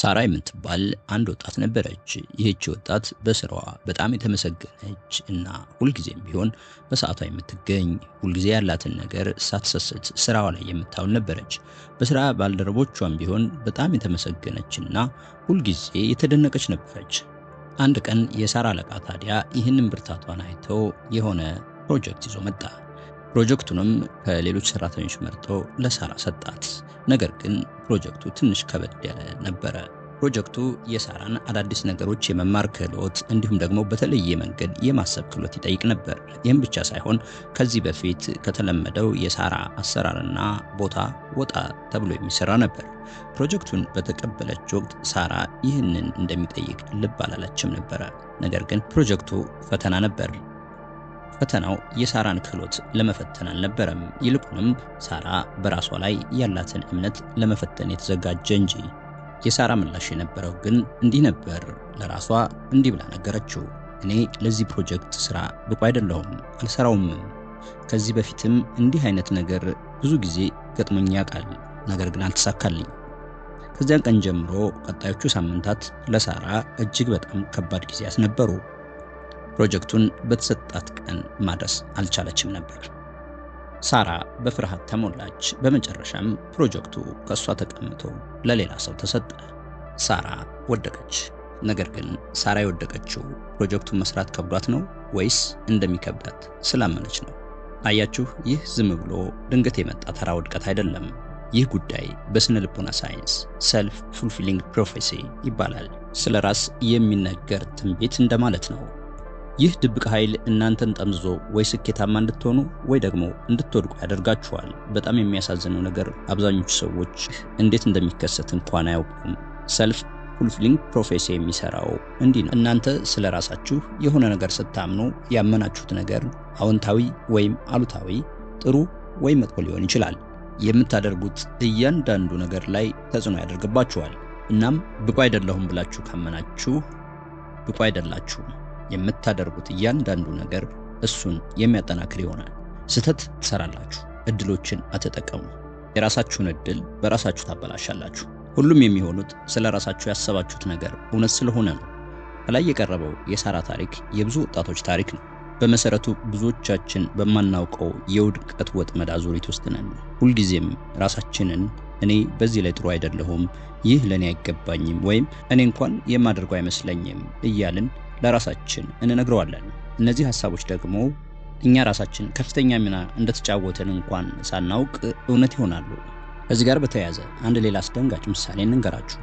ሳራ የምትባል አንድ ወጣት ነበረች። ይህች ወጣት በስራዋ በጣም የተመሰገነች እና ሁልጊዜም ቢሆን በሰዓቷ የምትገኝ ሁልጊዜ ያላትን ነገር ሳትሰስት ስራዋ ላይ የምታውል ነበረች። በስራ ባልደረቦቿም ቢሆን በጣም የተመሰገነች እና ሁልጊዜ የተደነቀች ነበረች። አንድ ቀን የሳራ አለቃ ታዲያ ይህንን ብርታቷን አይተው የሆነ ፕሮጀክት ይዞ መጣ። ፕሮጀክቱንም ከሌሎች ሰራተኞች መርጦ ለሳራ ሰጣት። ነገር ግን ፕሮጀክቱ ትንሽ ከበድ ያለ ነበረ። ፕሮጀክቱ የሳራን አዳዲስ ነገሮች የመማር ክህሎት እንዲሁም ደግሞ በተለየ መንገድ የማሰብ ክህሎት ይጠይቅ ነበር። ይህም ብቻ ሳይሆን ከዚህ በፊት ከተለመደው የሳራ አሰራርና ቦታ ወጣ ተብሎ የሚሰራ ነበር። ፕሮጀክቱን በተቀበለች ወቅት ሳራ ይህንን እንደሚጠይቅ ልብ አላለችም ነበረ። ነገር ግን ፕሮጀክቱ ፈተና ነበር። ፈተናው የሳራን ክህሎት ለመፈተን አልነበረም። ይልቁንም ሳራ በራሷ ላይ ያላትን እምነት ለመፈተን የተዘጋጀ እንጂ። የሳራ ምላሽ የነበረው ግን እንዲህ ነበር። ለራሷ እንዲህ ብላ ነገረችው። እኔ ለዚህ ፕሮጀክት ስራ ብቁ አይደለሁም፣ አልሰራውም። ከዚህ በፊትም እንዲህ አይነት ነገር ብዙ ጊዜ ገጥሞኝ ያውቃል፣ ነገር ግን አልተሳካልኝ። ከዚያን ቀን ጀምሮ ቀጣዮቹ ሳምንታት ለሳራ እጅግ በጣም ከባድ ጊዜያት ነበሩ። ፕሮጀክቱን በተሰጣት ቀን ማድረስ አልቻለችም ነበር። ሳራ በፍርሃት ተሞላች። በመጨረሻም ፕሮጀክቱ ከእሷ ተቀምቶ ለሌላ ሰው ተሰጠ። ሳራ ወደቀች። ነገር ግን ሳራ የወደቀችው ፕሮጀክቱን መስራት ከብዷት ነው ወይስ እንደሚከብዳት ስላመነች ነው? አያችሁ፣ ይህ ዝም ብሎ ድንገት የመጣ ተራ ውድቀት አይደለም። ይህ ጉዳይ በስነ ልቦና ሳይንስ ሰልፍ ፉልፊሊንግ ፕሮፌሲ ይባላል። ስለ ራስ የሚነገር ትንቢት እንደማለት ነው። ይህ ድብቅ ኃይል እናንተን ጠምዝዞ ወይ ስኬታማ እንድትሆኑ ወይ ደግሞ እንድትወድቁ ያደርጋችኋል። በጣም የሚያሳዝነው ነገር አብዛኞቹ ሰዎች እንዴት እንደሚከሰት እንኳን አያውቁም። ሰልፍ ፉልፊሊንግ ፕሮፌሲ የሚሰራው እንዲህ ነው። እናንተ ስለ ራሳችሁ የሆነ ነገር ስታምኑ ያመናችሁት ነገር አዎንታዊ ወይም አሉታዊ፣ ጥሩ ወይም መጥፎ ሊሆን ይችላል። የምታደርጉት እያንዳንዱ ነገር ላይ ተጽዕኖ ያደርግባችኋል። እናም ብቁ አይደለሁም ብላችሁ ካመናችሁ ብቁ አይደላችሁም። የምታደርጉት እያንዳንዱ ነገር እሱን የሚያጠናክር ይሆናል። ስህተት ትሰራላችሁ፣ እድሎችን አትጠቀሙ። የራሳችሁን እድል በራሳችሁ ታበላሻላችሁ። ሁሉም የሚሆኑት ስለ ራሳችሁ ያሰባችሁት ነገር እውነት ስለሆነ ነው። ከላይ የቀረበው የሳራ ታሪክ የብዙ ወጣቶች ታሪክ ነው። በመሰረቱ ብዙዎቻችን በማናውቀው የውድቀት ወጥመድ አዙሪት ውስጥ ነን። ሁልጊዜም ራሳችንን እኔ በዚህ ላይ ጥሩ አይደለሁም፣ ይህ ለእኔ አይገባኝም፣ ወይም እኔ እንኳን የማደርገው አይመስለኝም እያልን ለራሳችን እንነግረዋለን። እነዚህ ሀሳቦች ደግሞ እኛ ራሳችን ከፍተኛ ሚና እንደተጫወተን እንኳን ሳናውቅ እውነት ይሆናሉ። ከዚህ ጋር በተያያዘ አንድ ሌላ አስደንጋጭ ምሳሌ እንንገራችሁ።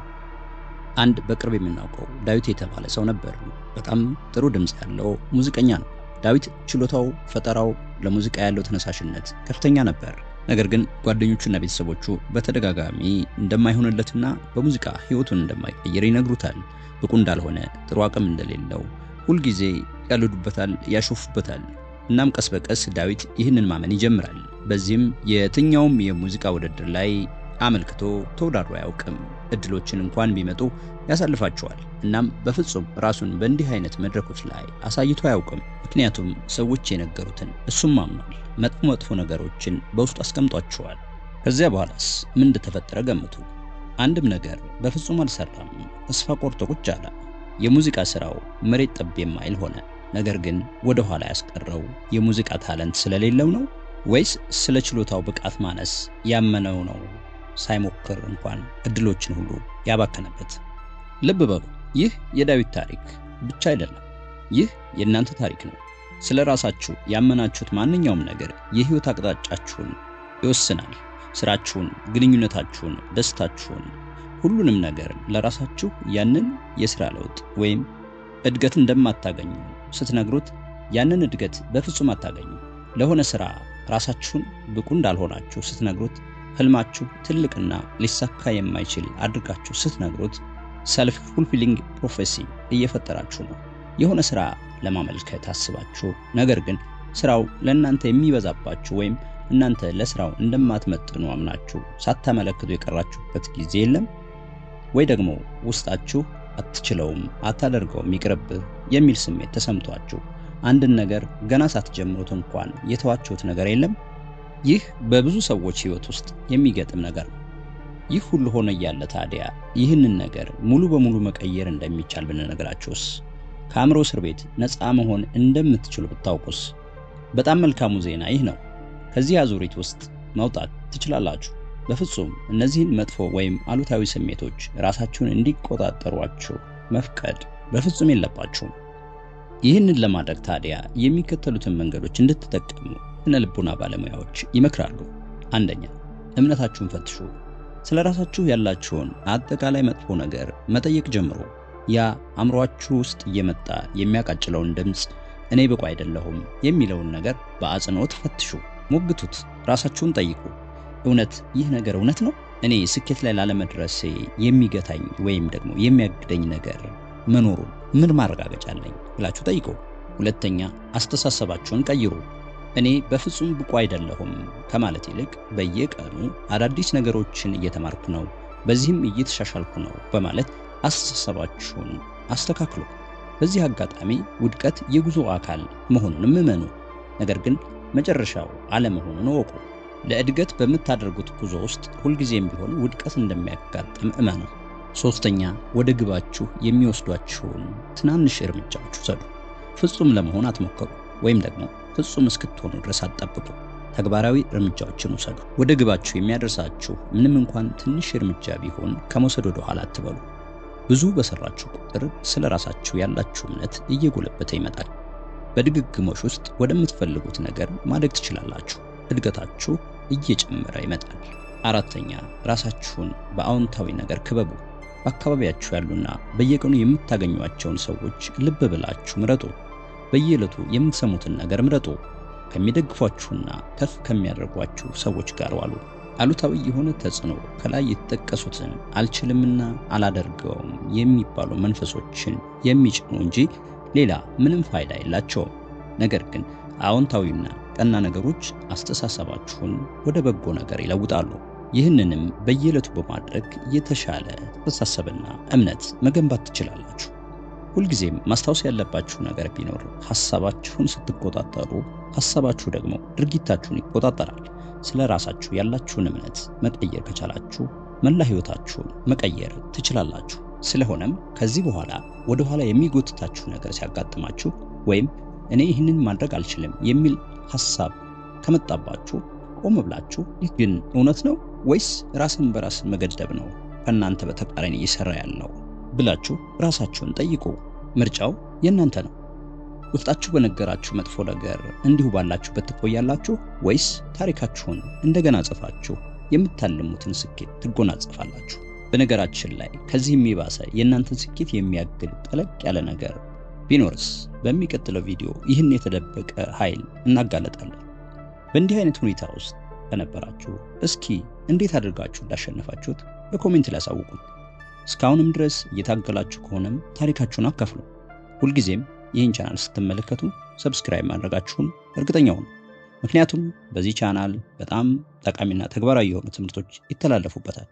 አንድ በቅርብ የምናውቀው ዳዊት የተባለ ሰው ነበር። በጣም ጥሩ ድምፅ ያለው ሙዚቀኛ ነው። ዳዊት ችሎታው፣ ፈጠራው፣ ለሙዚቃ ያለው ተነሳሽነት ከፍተኛ ነበር። ነገር ግን ጓደኞቹና ቤተሰቦቹ በተደጋጋሚ እንደማይሆንለትና በሙዚቃ ህይወቱን እንደማይቀይር ይነግሩታል። ብቁ እንዳልሆነ፣ ጥሩ አቅም እንደሌለው ሁልጊዜ ያልዱበታል፣ ያሾፉበታል። እናም ቀስ በቀስ ዳዊት ይህንን ማመን ይጀምራል። በዚህም የትኛውም የሙዚቃ ውድድር ላይ አመልክቶ ተወዳድሮ አያውቅም። እድሎችን እንኳን ቢመጡ ያሳልፋቸዋል። እናም በፍጹም ራሱን በእንዲህ አይነት መድረኮች ላይ አሳይቶ አያውቅም። ምክንያቱም ሰዎች የነገሩትን እሱም አምኗል። መጥፎ መጥፎ ነገሮችን በውስጡ አስቀምጧቸዋል። ከዚያ በኋላስ ምን እንደተፈጠረ ገምቱ። አንድም ነገር በፍጹም አልሰራም። ተስፋ ቆርጦ ቁጭ አለ። የሙዚቃ ስራው መሬት ጠብ የማይል ሆነ። ነገር ግን ወደ ኋላ ያስቀረው የሙዚቃ ታለንት ስለሌለው ነው ወይስ ስለ ችሎታው ብቃት ማነስ ያመነው ነው? ሳይሞክር እንኳን እድሎችን ሁሉ ያባከነበት። ልብ በሉ፣ ይህ የዳዊት ታሪክ ብቻ አይደለም። ይህ የእናንተ ታሪክ ነው። ስለ ራሳችሁ ያመናችሁት ማንኛውም ነገር የህይወት አቅጣጫችሁን ይወስናል። ስራችሁን፣ ግንኙነታችሁን፣ ደስታችሁን፣ ሁሉንም ነገር ለራሳችሁ ያንን የስራ ለውጥ ወይም እድገት እንደማታገኙ ስትነግሩት ያንን እድገት በፍጹም አታገኙ፣ ለሆነ ስራ ራሳችሁን ብቁ እንዳልሆናችሁ ስትነግሩት ህልማችሁ ትልቅና ሊሳካ የማይችል አድርጋችሁ ስትነግሩት ሰልፍ ፉልፊሊንግ ፕሮፌሲ እየፈጠራችሁ ነው። የሆነ ስራ ለማመልከት አስባችሁ፣ ነገር ግን ስራው ለእናንተ የሚበዛባችሁ ወይም እናንተ ለስራው እንደማትመጥኑ አምናችሁ ሳታመለክቱ የቀራችሁበት ጊዜ የለም ወይ ደግሞ ውስጣችሁ አትችለውም፣ አታደርገውም፣ ይቅርብህ የሚል ስሜት ተሰምቷችሁ አንድን ነገር ገና ሳትጀምሩት እንኳን የተዋችሁት ነገር የለም? ይህ በብዙ ሰዎች ሕይወት ውስጥ የሚገጥም ነገር ነው። ይህ ሁሉ ሆነ እያለ ታዲያ ይህንን ነገር ሙሉ በሙሉ መቀየር እንደሚቻል ብንነግራችሁስ? ከአእምሮ እስር ቤት ነፃ መሆን እንደምትችሉ ብታውቁስ? በጣም መልካሙ ዜና ይህ ነው። ከዚህ አዙሪት ውስጥ መውጣት ትችላላችሁ። በፍጹም እነዚህን መጥፎ ወይም አሉታዊ ስሜቶች ራሳችሁን እንዲቆጣጠሯችሁ መፍቀድ በፍጹም የለባችሁም። ይህንን ለማድረግ ታዲያ የሚከተሉትን መንገዶች እንድትጠቀሙ ስነ ልቦና ባለሙያዎች ይመክራሉ። አንደኛ እምነታችሁን ፈትሹ። ስለ ራሳችሁ ያላችሁን አጠቃላይ መጥፎ ነገር መጠየቅ ጀምሩ። ያ አእምሯችሁ ውስጥ እየመጣ የሚያቃጭለውን ድምፅ እኔ ብቁ አይደለሁም የሚለውን ነገር በአጽንኦት ፈትሹ፣ ሞግቱት፣ ራሳችሁን ጠይቁ። እውነት ይህ ነገር እውነት ነው? እኔ ስኬት ላይ ላለመድረሴ የሚገታኝ ወይም ደግሞ የሚያግደኝ ነገር መኖሩን ምን ማረጋገጫ አለኝ ብላችሁ ጠይቁ። ሁለተኛ አስተሳሰባችሁን ቀይሩ። እኔ በፍጹም ብቁ አይደለሁም ከማለት ይልቅ በየቀኑ አዳዲስ ነገሮችን እየተማርኩ ነው፣ በዚህም እየተሻሻልኩ ነው በማለት አስተሳሰባችሁን አስተካክሉ። በዚህ አጋጣሚ ውድቀት የጉዞ አካል መሆኑንም እመኑ፣ ነገር ግን መጨረሻው አለመሆኑን እወቁ። ለእድገት በምታደርጉት ጉዞ ውስጥ ሁልጊዜም ቢሆን ውድቀት እንደሚያጋጥም እመኑ። ሶስተኛ፣ ወደ ግባችሁ የሚወስዷችሁን ትናንሽ እርምጃዎች ውሰዱ። ፍጹም ለመሆን አትሞክሩ ወይም ደግሞ ፍጹም እስክትሆኑ ድረስ አጣብቁ። ተግባራዊ እርምጃዎችን ውሰዱ። ወደ ግባችሁ የሚያደርሳችሁ ምንም እንኳን ትንሽ እርምጃ ቢሆን ከመውሰድ ወደ ኋላ አትበሉ። ብዙ በሰራችሁ ቁጥር ስለ ራሳችሁ ያላችሁ እምነት እየጎለበተ ይመጣል። በድግግሞሽ ውስጥ ወደምትፈልጉት ነገር ማደግ ትችላላችሁ። እድገታችሁ እየጨመረ ይመጣል። አራተኛ ራሳችሁን በአዎንታዊ ነገር ክበቡ። በአካባቢያችሁ ያሉና በየቀኑ የምታገኟቸውን ሰዎች ልብ ብላችሁ ምረጡ። በየዕለቱ የምትሰሙትን ነገር ምረጡ። ከሚደግፏችሁና ከፍ ከሚያደርጓችሁ ሰዎች ጋር ዋሉ። አሉታዊ የሆነ ተጽዕኖ ከላይ የተጠቀሱትን አልችልምና አላደርገውም የሚባሉ መንፈሶችን የሚጭኑ እንጂ ሌላ ምንም ፋይዳ የላቸውም። ነገር ግን አዎንታዊና ቀና ነገሮች አስተሳሰባችሁን ወደ በጎ ነገር ይለውጣሉ። ይህንንም በየዕለቱ በማድረግ የተሻለ አስተሳሰብና እምነት መገንባት ትችላላችሁ። ሁልጊዜም ማስታወስ ያለባችሁ ነገር ቢኖር ሐሳባችሁን ስትቆጣጠሩ፣ ሐሳባችሁ ደግሞ ድርጊታችሁን ይቆጣጠራል። ስለ ራሳችሁ ያላችሁን እምነት መቀየር ከቻላችሁ መላ ሕይወታችሁን መቀየር ትችላላችሁ። ስለሆነም ከዚህ በኋላ ወደ ኋላ የሚጎትታችሁ ነገር ሲያጋጥማችሁ ወይም እኔ ይህንን ማድረግ አልችልም የሚል ሐሳብ ከመጣባችሁ ቆም ብላችሁ ይህ ግን እውነት ነው ወይስ ራስን በራስ መገደብ ነው ከእናንተ በተቃራኒ እየሰራ ያለው ብላችሁ ራሳችሁን ጠይቁ። ምርጫው የእናንተ ነው። ውስጣችሁ በነገራችሁ መጥፎ ነገር እንዲሁ ባላችሁበት ትቆያላችሁ ወይስ ታሪካችሁን እንደገና ጽፋችሁ የምታልሙትን ስኬት ትጎናጸፋላችሁ? በነገራችን ላይ ከዚህ የሚባሰ የእናንተን ስኬት የሚያግል ጠለቅ ያለ ነገር ቢኖርስ? በሚቀጥለው ቪዲዮ ይህን የተደበቀ ኃይል እናጋለጣለን። በእንዲህ አይነት ሁኔታ ውስጥ ከነበራችሁ እስኪ እንዴት አድርጋችሁ እንዳሸነፋችሁት በኮሜንት ላይ አሳውቁን። እስካሁንም ድረስ እየታገላችሁ ከሆነም ታሪካችሁን አካፍሉ። ሁልጊዜም ይህን ቻናል ስትመለከቱ ሰብስክራይብ ማድረጋችሁን እርግጠኛ ሁኑ። ምክንያቱም በዚህ ቻናል በጣም ጠቃሚና ተግባራዊ የሆኑ ትምህርቶች ይተላለፉበታል።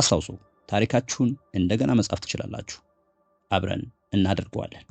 አስታውሱ፣ ታሪካችሁን እንደገና መጻፍ ትችላላችሁ። አብረን እናደርገዋለን።